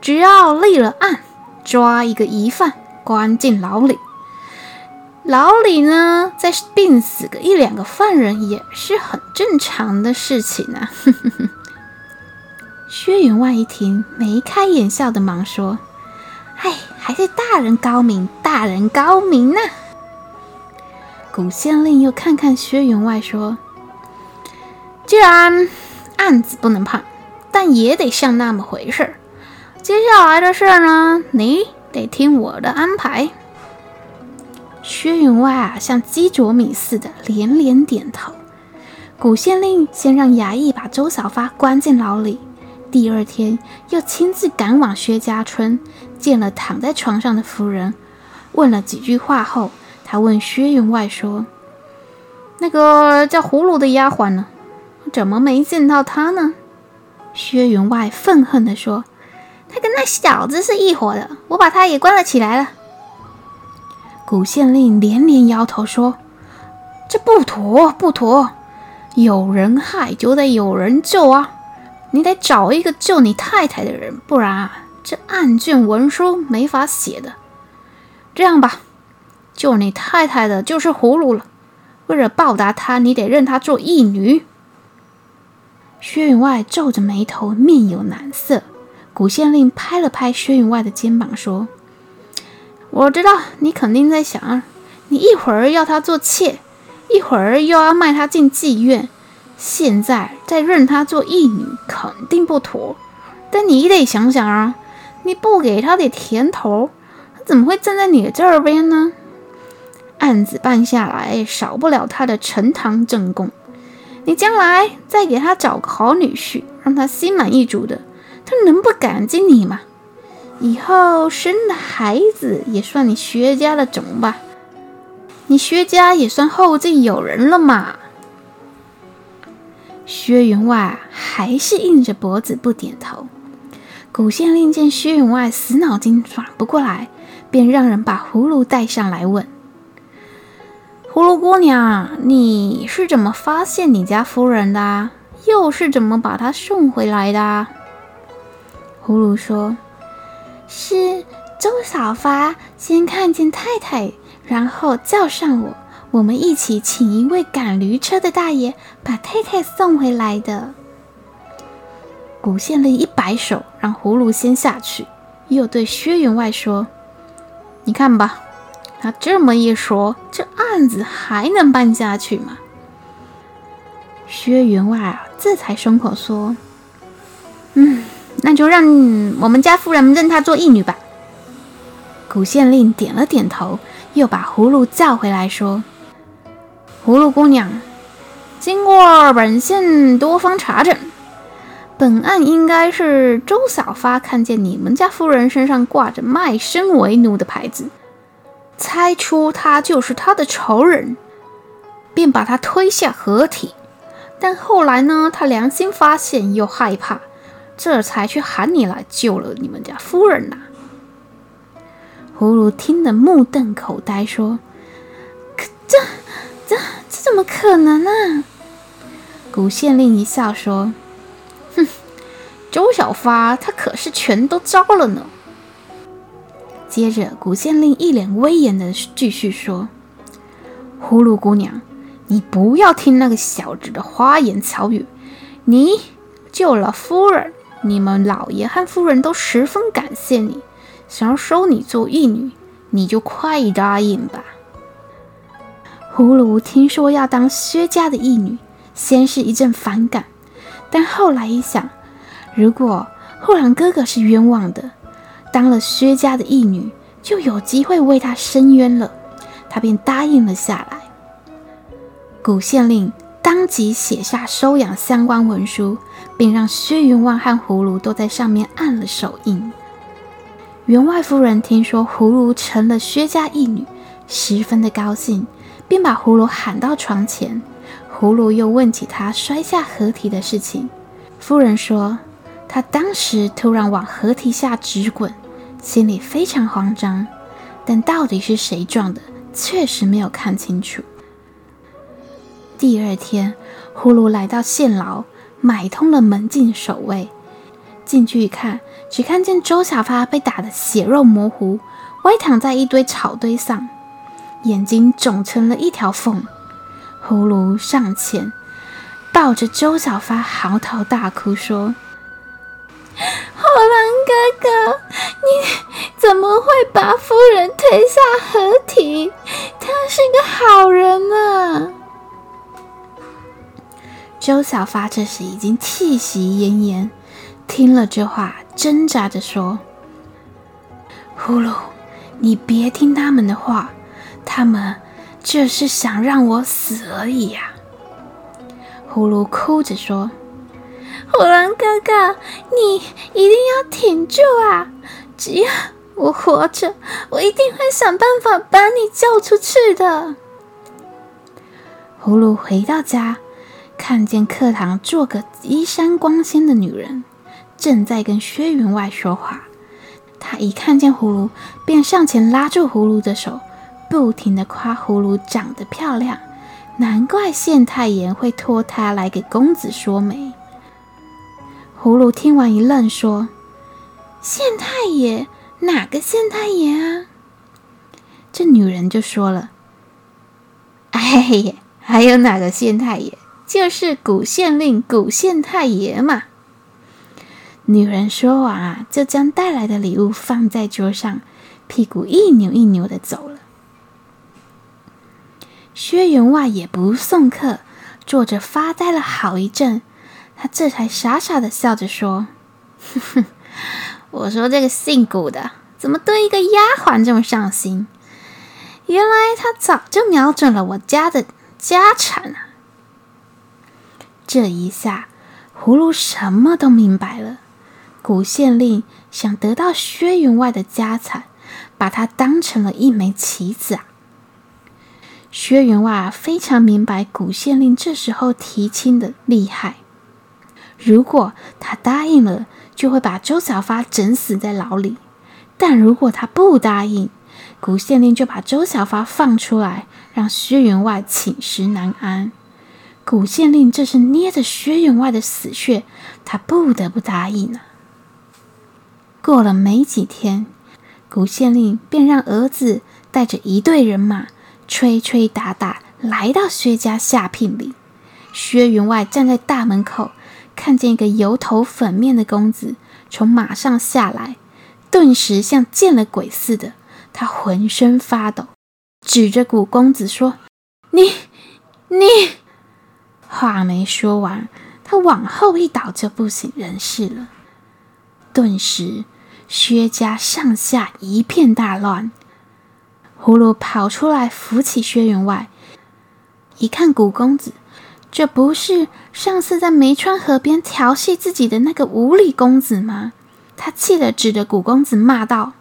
只要立了案，抓一個疑犯，關進牢裡，牢裡呢再病死個一兩個犯人，也是很正常的事情啊。 薛員外一聽，眉開眼笑的，忙說：“哎，還是大人高明，大人高明吶、啊！”古縣令又看看薛員外，說：“既然案子不能判。”但也得像那麼回事兒。接下來的事兒呢，你得聽我的安排。薛員外啊，像雞啄米似的連連點頭。古縣令先讓衙役把周小發關進牢裡，第二天又親自趕往薛家村，見了躺在床上的夫人，問了幾句話後，他問薛員外說：“那個叫葫蘆的丫鬟呢？怎麼沒見到她呢？”薛員外憤恨地說：“他跟那小子是一夥的，我把他也關了起來了。”古縣令連連搖搖頭說：“這不妥，不妥，有人害就得有人救啊！你得找一個救你太太的人，不然啊，這案卷文書沒法寫的。這樣吧，救你太太的就是葫蘆了，為了報答他，你得認他做義女。”薛員外皺着眉頭，面有難色。古縣令拍了拍薛員外的肩膀，說：“我知道你肯定在想啊，你一會兒要她做妾，一會兒又要賣她進妓院，現在再認她做義女，肯定不妥。但你得想想啊，你不給她點甜頭，她怎麼會站在你這邊呢？案子辦下來，少不了他的呈堂證供。”你將來再給他找個好女婿，讓他心滿意足的，他能不感激你嗎？以後生的孩子也算你薛家的種吧，你薛家也算後繼有人了嘛。薛員外還是硬着脖子不點頭。古縣令見薛員外死腦筋轉不過來，便讓人把葫蘆帶上來問。葫蘆姑娘，你是怎麼發現你家夫人的？又是怎麼把她送回來的？葫蘆說：“是周小發先看見太太，然後叫上我，我們一起請一位趕驢車的大爺把太太送回來的。”古縣令一擺手，讓葫蘆先下去，又對薛員外說：“你看吧。”這麼一說，這案子還能辦下去嗎？薛員外啊，這才鬆口說：“嗯，那就讓我們家夫人認她做義女吧。”古縣令點了點頭，又把葫蘆叫回來說：“葫蘆姑娘，經過本縣多方查證，本案應該是周小發看見你們家夫人身上掛着賣身為奴的牌子。”猜出他就是他的仇人，便把他推下河堤。但後來呢，他良心發現又害怕，這才去喊你來救了你們家夫人吶、啊。葫蘆聽得目瞪口呆說，說：“可，這、這、這怎麼可能呢、啊？”古縣令一笑說：“哼，周小發他可是全都招了呢。”接着，古縣令一臉威嚴地繼續說：“葫蘆姑娘，你不要聽那個小子的花言巧語。你救了夫人，你們老爺和夫人都十分感謝你，想要收你做義女，你就快答應吧。”葫蘆聽說要當薛家的義女，先是一陣反感，但後來一想，如果賀蘭哥哥是冤枉的，當了薛家的義女，就有機會為她伸冤了。她便答應了下來。古縣令當即寫下收養相關文書，並讓薛云旺和葫蘆都在上面按了手印。員外夫人聽說葫蘆成了薛家義女，十分的高興，便把葫蘆喊到床前。葫蘆又問起她摔下河堤的事情，夫人說她當時突然往河堤下直滾。心裡非常慌張，但到底是誰撞的，確實沒有看清楚。第二天，葫蘆來到縣牢，買通了門禁守衛，進去一看，只看見周小發被打得血肉模糊，歪躺在一堆草堆上，眼睛腫成了一條縫。葫蘆上前抱着周小發，嚎啕大哭說。火狼哥哥，你怎麼會把夫人推下河堤？他是個好人啊！周小發這時已經氣息奄奄，聽了這話，掙扎着說：“葫蘆，你別聽他們的話，他們這是想讓我死而已呀、啊！”葫蘆哭着說。虎狼哥哥，你一定要挺住啊！只要我活着，我一定會想辦法把你救出去的。葫蘆回到家，看見課堂坐個衣衫光鮮的女人，正在跟薛員外說話。她一看見葫蘆，便上前拉住葫蘆的手，不停地誇葫蘆長得漂亮，難怪縣太爺會托她來給公子說媒。葫蘆聽完一愣，說：“縣太爺？哪個縣太爺啊？”這女人就說了：“哎呀，還有哪個縣太爺？就是古縣令、古縣太爺嘛。”女人說完啊，就將帶來的禮物放在桌上，屁股一扭一扭的走了。薛員外也不送客，坐着發呆了好一陣。他這才傻傻的笑着說：“哼哼，我說這個姓古的怎麼對一個丫鬟這麼上心？原來他早就瞄準了我家的家產啊！”這一下，葫蘆什麼都明白了。古縣令想得到薛員外的家產，把他當成了一枚棋子啊！薛員外非常明白古縣令這時候提親的厲害。如果他答應了，就會把周小發整死在牢裡；但如果他不答應，古縣令就把周小發放出來，讓薛員外寢食難安。古縣令這是捏着薛員外的死穴，他不得不答應了啊。過了沒幾天，古縣令便讓兒子帶着一隊人馬，吹吹打打打，來到薛家下聘禮。薛員外站在大門口。看見一個油頭粉面的公子從馬上下來，頓時像見了鬼似的，他渾身發抖，指着古公子說：“你，你！”話沒說完，他往後一倒就不省人事了。頓時，薛家上下一片大亂。葫蘆跑出來扶起薛員外，一看古公子，這不是上次在梅川河邊調戲自己的那個無禮公子嗎？他氣得指着谷公子罵道：“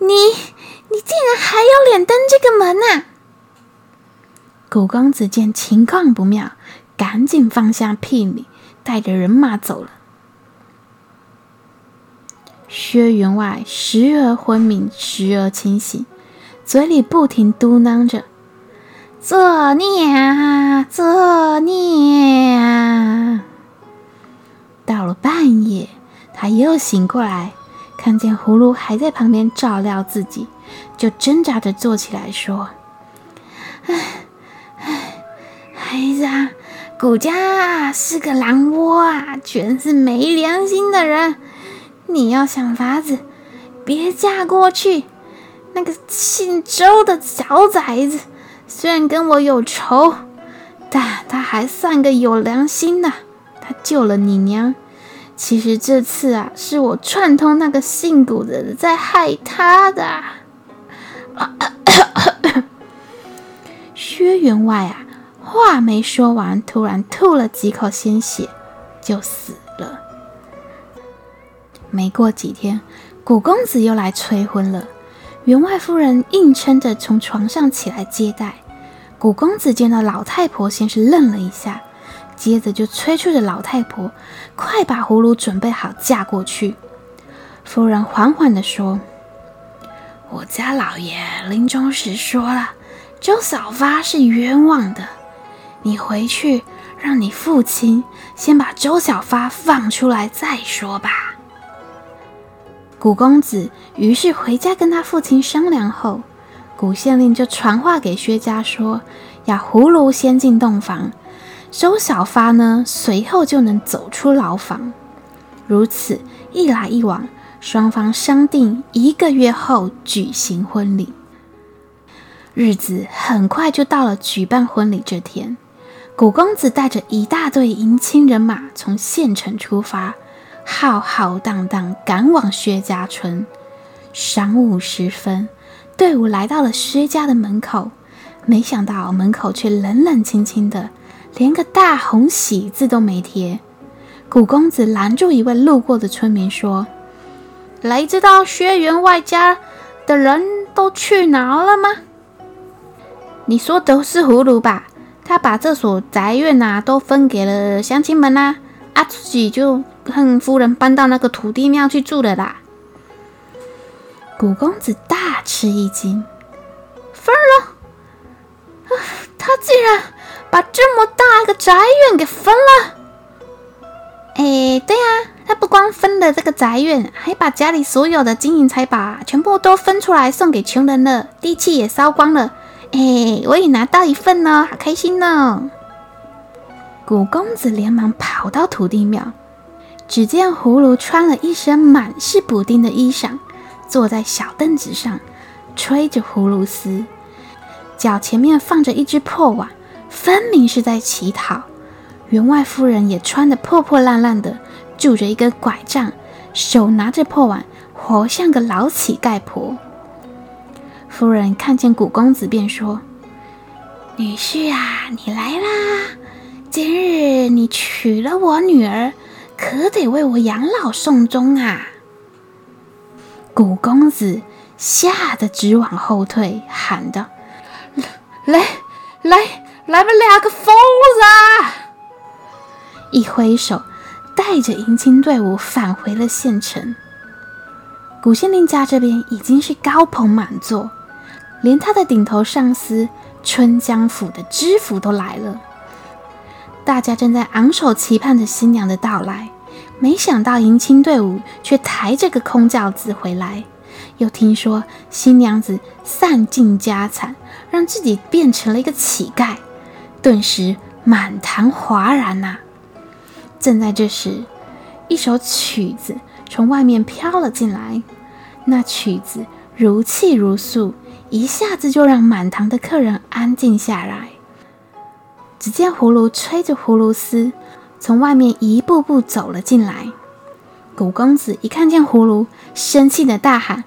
你，你竟然還有臉登這個門啊！”谷公子見情況不妙，趕緊放下聘禮，帶着人馬走了。薛員外時而昏迷，時而清醒，嘴裡不停嘟囔着。作孽啊！作孽啊！到了半夜，他又醒過來，看見葫蘆還在旁邊照料自己，就掙扎着坐起來說：“哎哎，孩子啊，谷家啊是個狼窩啊，全是沒良心的人，你要想法子，別嫁過去。那個姓周的小崽子。”雖然跟我有仇，但他還算個有良心的、啊。他救了你娘。其實這次啊，是我串通那個姓古的人在害他的。薛員 外啊，話沒說完，突然吐了幾口鮮血，就死了。沒過幾天，古公子又來催婚了。員外夫人硬撐着從床上起來接待。古公子見到老太婆，先是愣了一下，接着就催促着老太婆：“快把葫蘆準備好，嫁過去。”夫人緩緩地說：“我家老爺臨終時說了，周小發是冤枉的。你回去，讓你父親先把周小發放出來再說吧。”古公子於是回家跟他父親商量後。古縣令就傳話給薛家說：“要葫蘆先進洞房，周小發呢，隨後就能走出牢房。如此一來一往，雙方商定一個月後舉行婚禮。日子很快就到了舉辦婚禮這天，古公子帶着一大隊迎親人馬從縣城出發，浩浩蕩蕩蕩趕往薛家村。晌午時分。”隊伍來到了薛家的門口，沒想到門口卻冷冷清清的，連個大紅喜字都沒貼。古公子攔住一位路過的村民說：“來知道薛員外家的人都去哪了嗎？”“你說都是葫蘆吧？他把這所宅院吶、啊、都分給了鄉親們吶、啊，他自己就和夫人搬到那個土地廟去住了啦。”古公子大吃一驚，分了？啊、呃，他竟然把這麼大個宅院給分了！哎，對呀、啊，他不光分了這個宅院，還把家裡所有的金銀財寶、啊、全部都分出來送給窮人了，地契也燒光了。哎，我也拿到一份呢、哦，好開心呢、哦。古公子連忙跑到土地廟，只見葫蘆穿了一身滿是補丁的衣裳。坐在小凳子上，吹着葫蘆絲，腳前面放着一隻破碗，分明是在乞討。員外夫人也穿得破破爛爛的，拄着一根拐杖，手拿着破碗，活像個老乞丐婆。夫人看見古公子，便說：“女婿啊，你來啦！今日你娶了我女兒，可得為我養老送終啊！”古公子嚇得直往後退，喊道：“來來來來吧，兩個瘋子啊！”一揮手，帶着迎親隊伍返回了縣城。古縣令家這邊已經是高朋滿座，連他的頂頭上司春江府的知府都來了，大家正在昂首期盼着新娘的到來。沒想到迎親隊伍卻抬着個空轎子回來，又聽說新娘子散盡家產，讓自己變成了一個乞丐，頓時滿堂嘩然吶、啊！正在這時，一首曲子從外面飄了進來，那曲子如泣如訴，一下子就讓滿堂的客人安靜下來。只見葫蘆吹着葫蘆絲。從外面一步步走了進來，古公子一看見葫蘆，生氣的大喊：“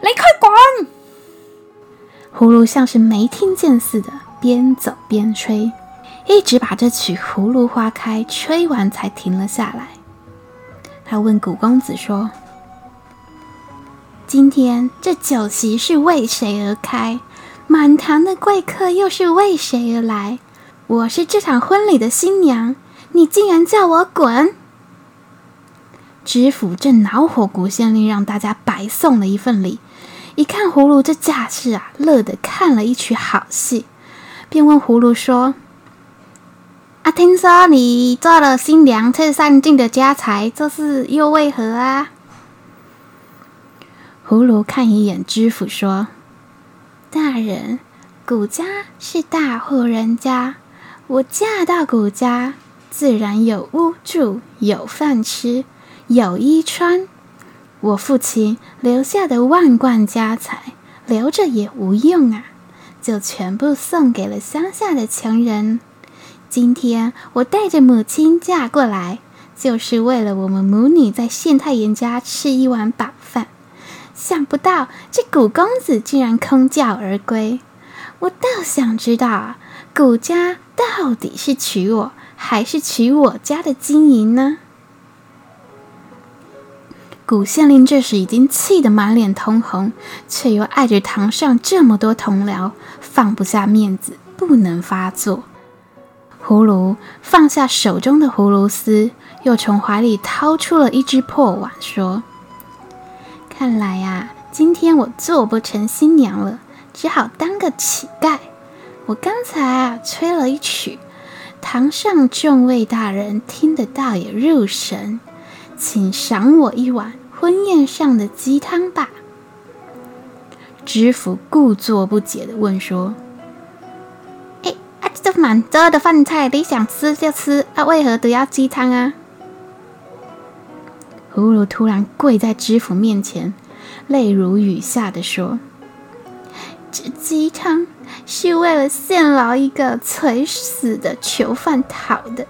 你快滾！”葫蘆像是沒聽見似的，邊走邊吹，一直把這曲《葫蘆花開》吹完才停了下來。他問古公子說：“今天這酒席是為誰而開？滿堂的貴客又是為誰而來？我是這場婚禮的新娘。”你竟然叫我滾！知府正惱火，谷縣令讓大家白送了一份禮。一看葫蘆這架勢啊，樂得看了一曲好戲，便問葫蘆說：“啊，聽說你做了新娘，卻散盡的家財，這是又為何啊？”葫蘆看一眼知府說：“大人，谷家是大戶人家，我嫁到谷家。”自然有屋住，有飯吃，有衣穿。我父親留下的萬貫家財，留着也無用啊，就全部送給了鄉下的窮人。今天我帶着母親嫁過來，就是為了我們母女在縣太爺家吃一碗飽飯。想不到這谷公子竟然空轎而歸，我倒想知道啊，谷家到底是娶我？還是取我家的金銀呢？古縣令這時已經氣得滿臉通紅，卻又礙着堂上這麼多同僚，放不下面子，不能發作。葫蘆放下手中的葫蘆絲，又從懷裡掏出了一只破碗，說：“看來呀，今天我做不成新娘了，只好當個乞丐。我剛才啊，吹了一曲。”堂上眾位大人聽得倒也入神，請賞我一碗婚宴上的雞湯吧。知府故作不解地問說：“哎、啊，這滿桌的飯菜你想吃就吃，啊，為何都要雞湯啊？”葫蘆突然跪在知府面前，淚如雨下地說。這雞湯是為了陷牢，一個垂死的囚犯討的。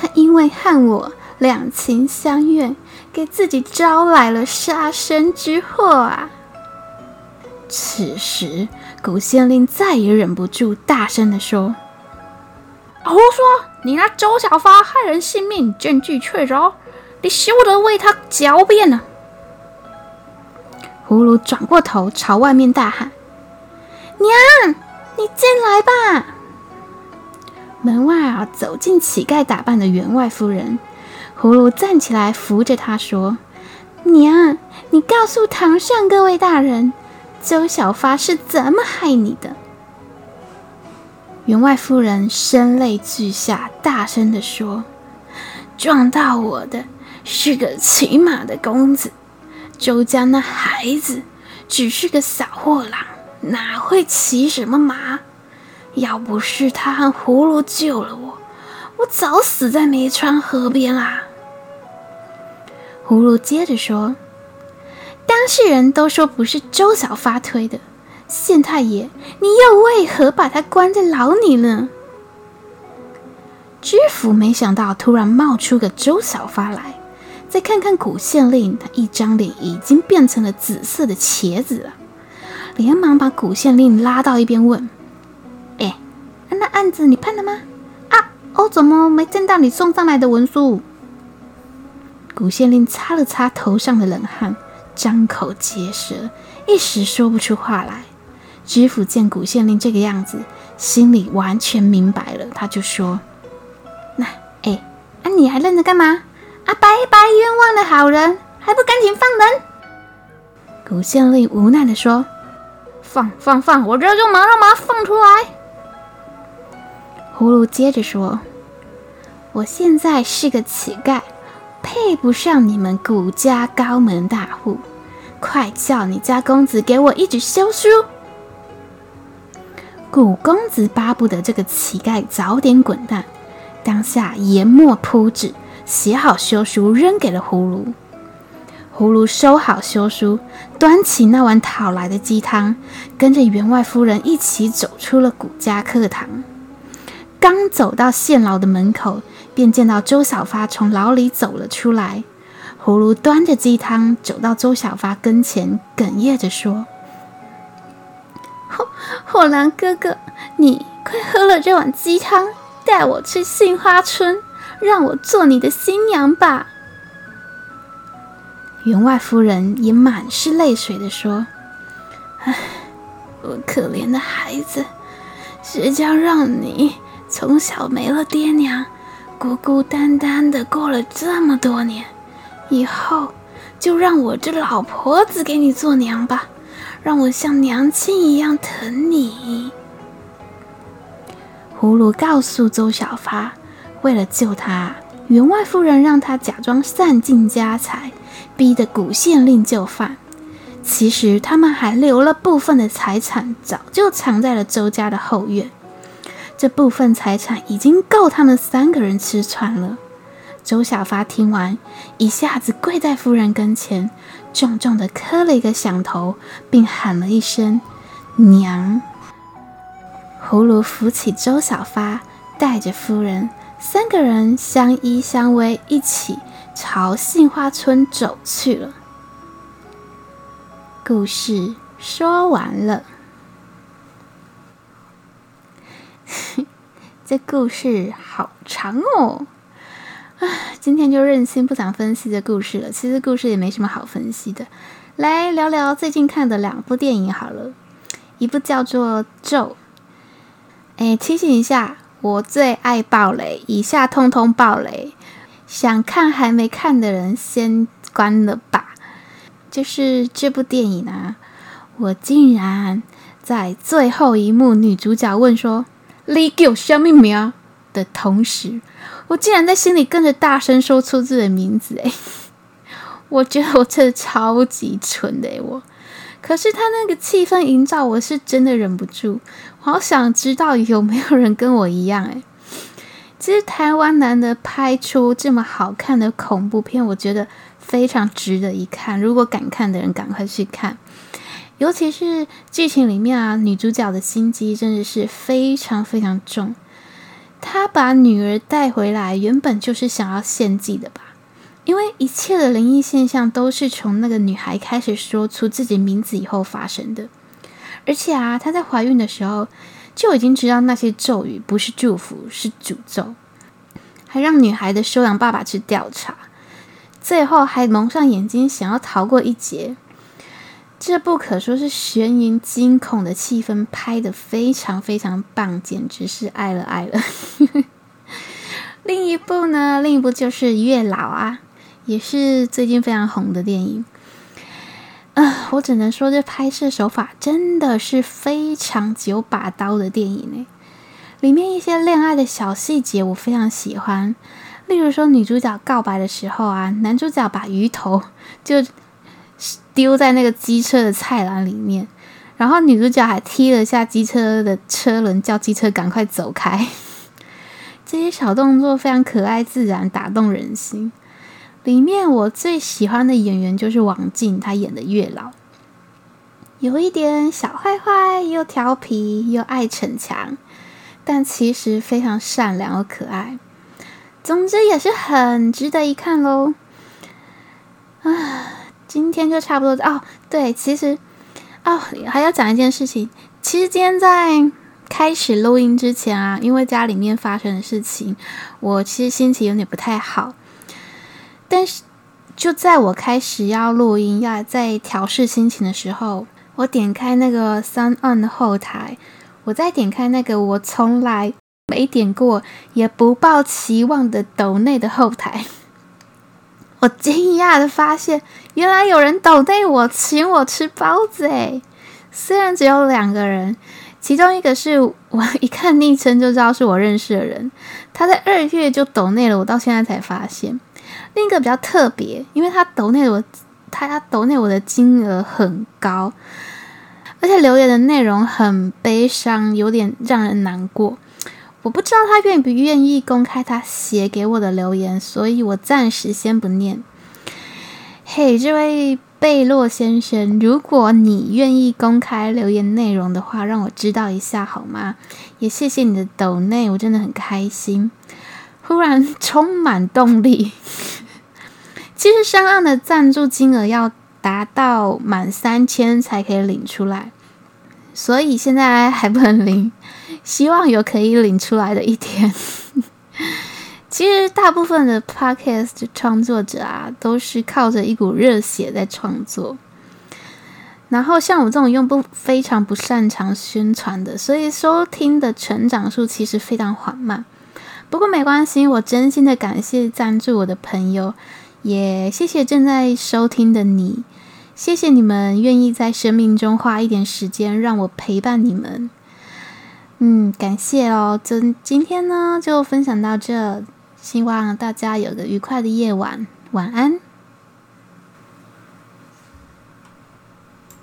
他因為和我兩情相悅，給自己招來了殺身之禍啊！此時，古縣令再也忍不住，大聲地說：“啊，胡說！你拿周小發害人性命，證據確鑿，哦，你休得為他狡辯了。”葫蘆轉過頭，朝外面大喊。娘，你進來吧。門外啊，走進乞丐打扮的員外夫人。葫蘆站起來扶着她說：“娘，你告訴堂上各位大人，周小發是怎麼害你的？”員外夫人聲淚俱下，大聲地說：“撞到我的是個騎馬的公子，周家那孩子只是個小貨郎。”哪會騎什麼馬？要不是他和葫蘆救了我，我早死在梅川河邊啦。葫蘆接着說：“當事人都說不是周小發推的，縣太爺，你又為何把他關在牢裡呢？”知府沒想到突然冒出個周小發來，再看看古縣令，他一張臉已經變成了紫色的茄子了。連忙把古縣令拉到一邊問：“哎，那案子你判了嗎？啊，哦，怎麼沒見到你送上來的文書？”古縣令擦了擦頭上的冷汗，張口結舌，一時說不出話來。知府見古縣令這個樣子，心裡完全明白了，他就說：“那，哎，啊，你還愣着幹嘛？啊，白白冤枉了好人，還不趕緊放人？”古縣令無奈地說。放放放！我這就馬上把它放出來。葫蘆接着說：“我現在是個乞丐，配不上你們古家高門大戶，快叫你家公子給我一紙休書。”古公子巴不得這個乞丐早點滾蛋，當下研墨鋪紙，寫好休書扔給了葫蘆。葫蘆收好休書，端起那碗討來的雞湯，跟着員外夫人一起走出了古家祠堂。剛走到縣牢的門口，便見到周小發從牢裡走了出來。葫蘆端着雞湯走到周小發跟前，哽咽着說：“火火狼哥哥，你快喝了這碗雞湯，帶我去杏花村，讓我做你的新娘吧。”員外夫人也滿是淚水地說：“哎，我可憐的孩子，誰要讓你從小沒了爹娘，孤孤單單的過了這麼多年。以後就讓我這老婆子給你做娘吧，讓我像娘親一樣疼你。”葫蘆告訴周小發，為了救他，員外夫人讓他假裝散盡家財。逼得古縣令就範，其實他們還留了部分的財產，早就藏在了周家的後院。這部分財產已經夠他們三個人吃穿了。周小發聽完，一下子跪在夫人跟前，重重地磕了一個響頭，並喊了一聲“娘”。葫蘆扶起周小發，帶着夫人，三個人相依相偎，一起。朝杏花村走去了。故事說完了，這故事好長哦。唉，今天就任性不想分析這故事了。其實故事也沒什麼好分析的，來聊聊最近看的兩部電影好了。一部叫做《咒》。哎，提醒一下，我最愛爆雷，以下通通爆雷。想看還沒看的人先關了吧。就是這部電影啊，我竟然在最後一幕女主角問說“你叫什麼名啊”的同時，我竟然在心裡跟着大聲說出自己的名字哎！ 我覺得我真的超級蠢的哎，我。可是他那個氣氛營造，我是真的忍不住，好想知道有沒有人跟我一樣哎。其實台灣難得拍出這麼好看的恐怖片，我覺得非常值得一看。如果敢看的人，趕快去看。尤其是劇情裡面啊，女主角的心機真的是非常非常重。她把女兒帶回來，原本就是想要獻祭的吧？因為一切的靈異現象都是從那個女孩開始說出自己名字以後發生的。而且啊，她在懷孕的時候，就已經知道那些咒語不是祝福，是詛咒，還讓女孩的收養爸爸去調查，最後還蒙上眼睛想要逃過一劫。這部可說是懸疑驚恐的氣氛拍得非常非常棒，簡直是愛了愛了。 另一部呢？另一部就是《月老》啊，也是最近非常紅的電影。啊、呃，我只能說這拍攝手法真的是非常九把刀的電影呢。裡面一些戀愛的小細節我非常喜歡，例如說女主角告白的時候啊，男主角把魚頭就丟在那個機車的菜籃裡面，然後女主角還踢了下機車的車輪，叫機車趕快走開。這些小動作非常可愛自然，打動人心。裡面我最喜歡的演員就是王靜他演的月老，有一點小壞壞，又調皮又愛逞強，但其實非常善良又可愛。總之也是很值得一看嘍。啊，今天就差不多哦。對，其實哦還要講一件事情。其實今天在開始錄音之前啊，因為家裡面發生的事情，我其實心情有點不太好。但是，就在我開始要錄音，要在調試心情的時候，我點開那個 SoundOn 的後台，我再點開那個我從來沒點過，也不抱期望的抖內的後台， 我驚訝的發現，原來有人抖內我，請我吃包子誒，雖然只有兩個人，其中一個是我一看昵稱就知道是我認識的人，他在二月就抖內了，我到現在才發現。另一個比較特別，因為他抖內我，他抖內我的金額很高，而且留言的內容很悲傷，有點讓人難過。我不知道他願不願意公開他寫給我的留言，所以我暫時先不念。嘿，這位貝洛先生，如果你願意公開留言內容的話，讓我知道一下好嗎？也謝謝你的抖內，我真的很開心，忽然充滿動力。其實 SoundOn 的贊助金額要達到滿三千才可以領出來，所以現在還不能領。希望有可以領出來的一天。 其實大部分的 podcast 創作者啊，都是靠着一股熱血在創作。然後像我這種用不非常不擅長宣傳的，所以收聽的成長數其實非常緩慢。不過沒關係，我真心的感謝贊助我的朋友。也、yeah, 謝謝正在收聽的你，謝謝你們願意在生命中花一點時間讓我陪伴你們。嗯，感謝哦。就今天呢，就分享到這，希望大家有個愉快的夜晚，晚安。